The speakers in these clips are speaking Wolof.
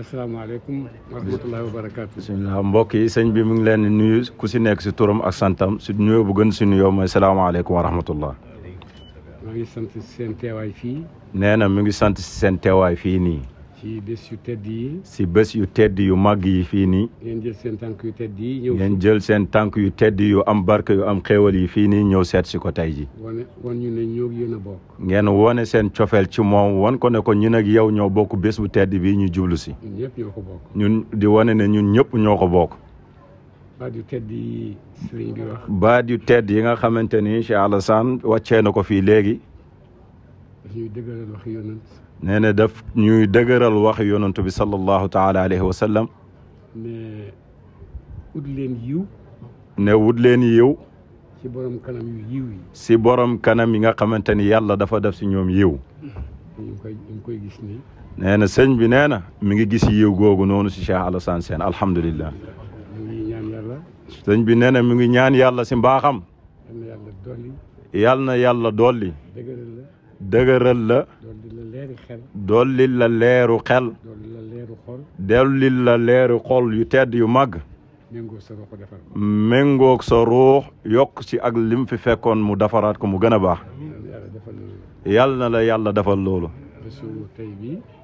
bisimilah asalaamaaleykum wa rahmatullahi wa barakaatu. mbokk yi sëñ bi mu ngi leen di nuyu ku si nekk si turam ak santam si nuyoo bu si nuyoo mooy salaamaaleykum wa rahmatullah. mu ngi sant si seen teewaay fii. nee na mu ngi sant si seen teewaay fii nii. bés yu tedd yi. si bés yu tedd yu màgg yi fii nii. ngeen jël seen tànk yu tedd ngeen jël seen tànk yu tedd yu am barke yu am xéewal yi fii nii ñëw seet si ko tey ji. wane wan ñu ne a bokk. ngeen wone seen cofeel ci moom wan ko ne ko ñun ak yow ñoo bokk bés bu tedd bi ñu jublu si. ñun ñëpp ñoo ko ñun di wane ne ñun ñëpp ñoo ko bokk. baat yu tedd yi nga xamante ni Cheikh Alassane wàccee na ko fii léegi. ñuy dëgëral wax nee na daf ñuy dëgëral wax yonent bi sallallahu taala alayhi wa sallam ne ut leen leen yiw ci borom kanam si borom kanam yi nga xamante ni yàlla dafa def si ñoom yiw ñu koy gis nii nee na sëñ bi nee na mi ngi gis yiw googu noonu si Cheikh Alassane Sène alhamdulilah sëñ bi nee na mi ngi ñaan yàlla si mbaaxam yàlla na dëgëral la dolli la leeru xel dolli la leeru xol yu tedd yu màgg méngoog sa ruux yokk ci ak lim fi fekkoon mu defaraat ko mu gën a baax yàlla na la yàlla defal loolu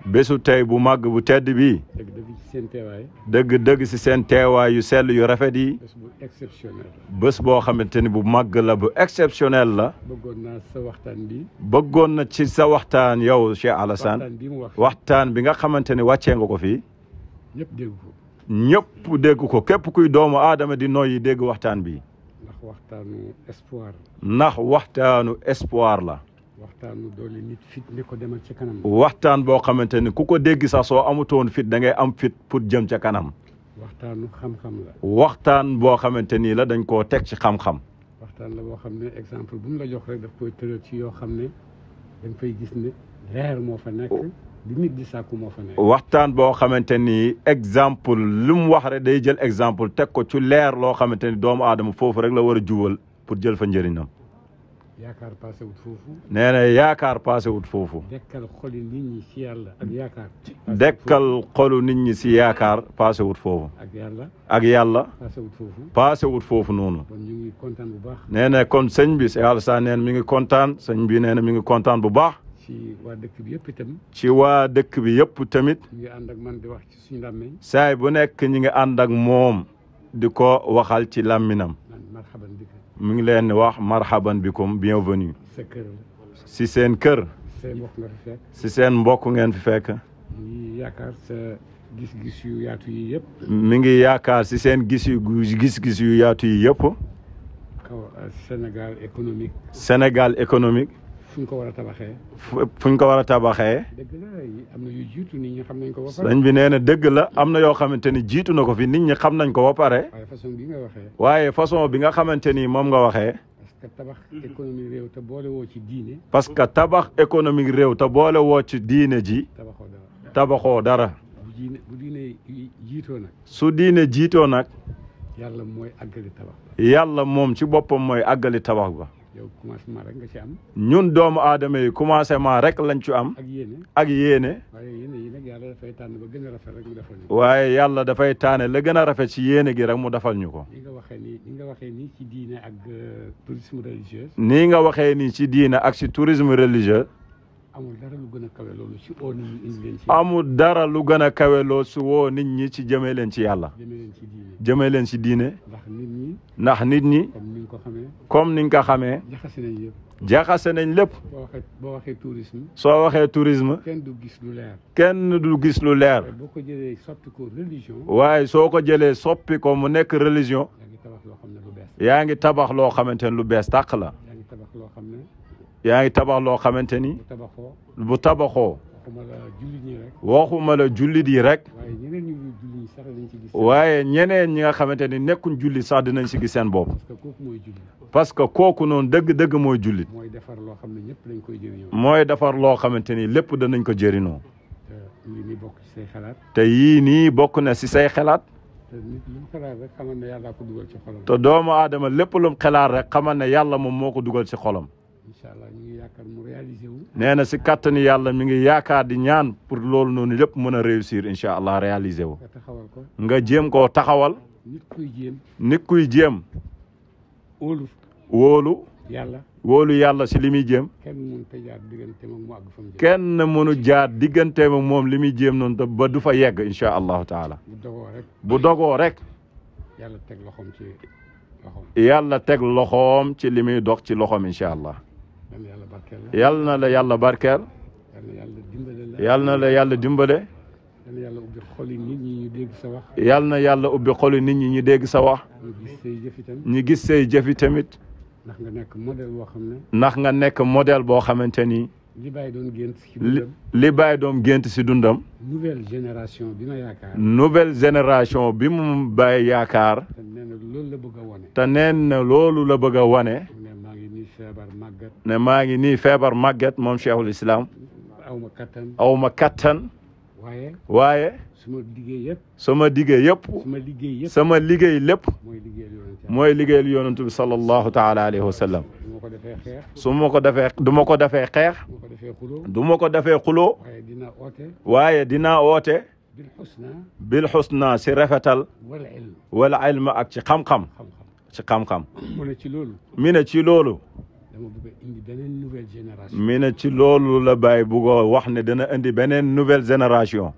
bésu tey bu màgg bu tedd bii seen dëgg dëgg ci seen teewaay yu sell yu rafet yi. bés boo xamante ni bu màgg la bu exceptionnel la. bëggoon naa sa waxtaan bi. bëggoon na ci sa waxtaan yow Cheikh Alassane. waxtaan bi mu wax waxtaan bi nga xamante ni wàccee nga ko fi ñëpp dégg ko. dégg ko képp kuy doomu aadama di noyyi dégg waxtaan bi. ndax waxtaanu espoir. ndax waxtaanu espoir la. waxtaanu doole nit fit ko demal ca kanam. waxtaan boo xamante ni ku ko dégg sax soo amutoon fit da ngay am fit pour jëm ca kanam. waxtaanu xam-xam la. waxtaan boo xamante ni la dañ koo teg ci xam-xam. waxtaan la boo xam ne exemple bu mu la jox rek daf koy tëral ci yoo xam ne da nga gis ne moo fa nekk. li nit di waxtaan boo xamante ni exemple lu mu wax day jël exemple teg ko ci leer loo xamante ni doomu aadama foofu rek la war a jubal pour jël fa njëriñam. yaakaar paase wut foofu. nee yaakaar paase wut foofu. dekkal xolu nit ñi si yàlla ak yaakaar. dekkal xolu nit ñi si yaakaar paase wut foofu. ak yàlla ak yàlla. paase wut foofu paase wut foofu noonu. kon ñu ngi kontaan bu baax. nee na kon sëñ bi Cheikh Alassane nee mu ngi kontaan sëñ bi nee na mi ngi kontaan bu baax. ci waa dëkk bi yëpp itam. ci waa dëkk bi yëpp tamit. ànd ak man di wax ci suñu làmmiñ. saay bu nekk ñi ngi ànd ak moom di ko waxal ci làmminam. mu ngi leen wax marhaban bikum bienvenue si seen kër si seen mbokk ngeen fi fekk gis-gis yu yaatu yi yëpp. mi ngi yaakaar si seen gis yu gis-gis yu yaatu yi yëpp. économique. Sénégal économique. fuñ ko war a tabaxee. fuñ ko war a tabaxee. dëgg am na yu jiitu nit ñi xam nañ ko ba pare. sëñ bi nee na dëgg la am na yoo xamante ni jiitu na ko fi nit ñi xam nañ ko ba pare. façon bi nga waxee. waaye façon bi nga xamante ni moom nga waxee. parce que tabax économie réew te boole woo ci diine. parce que tabax économie réew te boole woo ci diine ji. tabaxoo dara tabaxoo dara. bu diine jiitoo nag. su diine jiitoo nag. yàlla mooy àggali yàlla moom ci boppam mooy àggali tabax ba. yow commencement rek nga ci am. ñun doomu aadama yi commencement rek lañ ci am. ak yéene ak yéene. waaye yéene yi nag yàlla dafay tànn ba gën a rafet rek mu defal ñu. waaye yàlla dafay la gën a rafet ci yéene gi rek mu dafal ñu ko. ni nga waxee nii ni nga waxee nii ci diine ak euh, tourisme religieux. ni nga waxee nii ci diine ak ci tourisme religieux. amul dara lu gën a kawe loolu si woo nit ñi ci. amul dara lu gën a kawe loolu woo nit ñi ci jëmee leen ci yàlla. jëmee ci diine. jëmee leen ci diine. ndax nit ñi. ndax nit ñi. comme ni nga ko xamee. comme ni nga ko xamee. jaxase nañ lépp. jaxase nañ lépp. boo waxee boo soo waxee tourisme. kenn du gis lu leer. kenn du gis lu leer. boo ko jëlee soppi waaye soo ko jëlee soppi ko mu nekk religion. yaa ngi tabax loo xam ne lu bees. yaa ngi tabax loo xamante ne lu bees tàq la. loo xam ne. yaa ngi tabax loo xamante ni bu tabaxoo waxuma la jullit yi rek waaye ñeneen ñi nga xamante ni nekkuñ jullit sax dinañ si gis seen bopp parce que kooku noonu dëgg-dëgg mooy jullit mooy defar loo xamante ni lépp danañ ko jëriñoo te yii nii bokk na si say xalaat te doomu adama lépp lum xalaat rek xamal ne yàlla moom moo ko dugal si xolam nee na si kàttanu yàlla mu ngi yaakaar di ñaan pour loolu noonu lépp mën a réussir incha allah réaliser wu. nga jéem koo taxawal. nit kuy jéem. nit kuy jéem. wóolu. yàlla wóolu yàlla si li muy jéem. kenn mënu jaar digganteem ak mu jaar digganteem ak moom li muy jéem noonu te ba du fa yegg incha allahu taala. bu dogoo rek. bu dogoo rek. yàlla teg loxoom ci loxoom. yàlla teg loxoom ci li muy dox ci loxoom incha allah. yàlla na la yàlla barkeel. yàlla na la yàlla dimbale. yàlla na yàlla ubbi xoli nit ñi ñu dégg sa wax. ñu gis say jëfi tamit. ndax nga nekk modèle boo xam ne. ndax nga nekk modèle boo xamante ni. li bàyyi doon gént si dundam li bàyyi gént si dundam. nouvelle génération bi yaakaar. nouvelle génération bi mu bàyyi yaakaar. te nee na loolu la bëgg wane. ne maa ngi nii feebar màgget moom cheikhul islam aw ma kattan waaye sama liggéey yëpp sama liggéey yëpp sama liggéey lépp mooy liggéeyal yonantu bi sallallahu taala alayhi wa sallam su ma ko defee du ma ko defee xeex du ma ko defee xuloo waaye dinaa oote bil xusna si rafetal wal ilm ak ci xam-xam ci xam-xam. ci loolu. mi ne ci loolu. dama nouvelle génération. mi ne ci loolu la Baye bëggoon wax ne dana indi beneen nouvelle génération.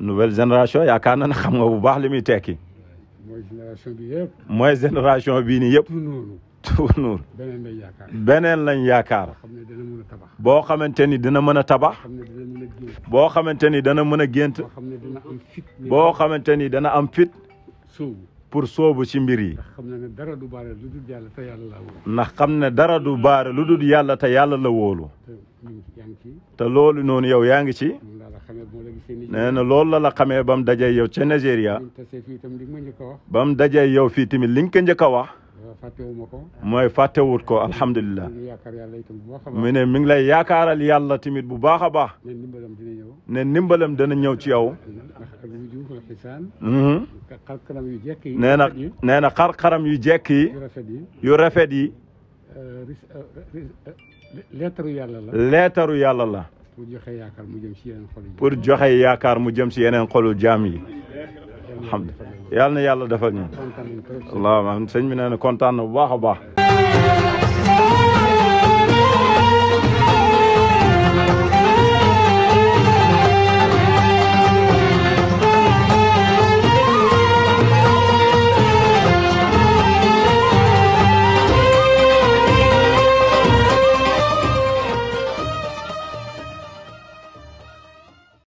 nouvelle génération xam nga lu muy tekki. nouvelle yaakaar na ne xam nga bu baax li muy tekki. mooy génération bi yëpp. mooy génération bii nii yëpp. tunuur beneen lañ yaakaar. beneen lañ yaakaar. boo xamante ni dina mën a tabax. boo xamante ni dana mën a gént. boo xamante ni dana am fit. pour soobu ci mbir yi. ndax xam ne dara du baare lu dul yàlla te yàlla la wóolu. ndax xam ne dara du baare lu dul yàlla te yàlla la wóolu. te loolu noonu yow yaa ngi ci. nee na loolu la la xamee ba mu dajee yow ca Nigéria. ba mu dajee yow fii tamit liñ ko njëkk a wax. mooy fàttewut ko alhamdulilah mu ne mi ngi lay yaakaaral yàlla tamit bu baax a baax ne ndimbalam dana ñëw ci yow mhm. nee na nee na xar-xaram yu jekk yi yu rafet yi euh, euh, euh, leetaru yàlla la leetaru yàlla la pour joxe yaakaar mu jëm si yeneen xolu jaam yi alhamdulilah yàlla na yàlla defal ñu allahumma sëñ bi nee na kontaan na bu baax a baax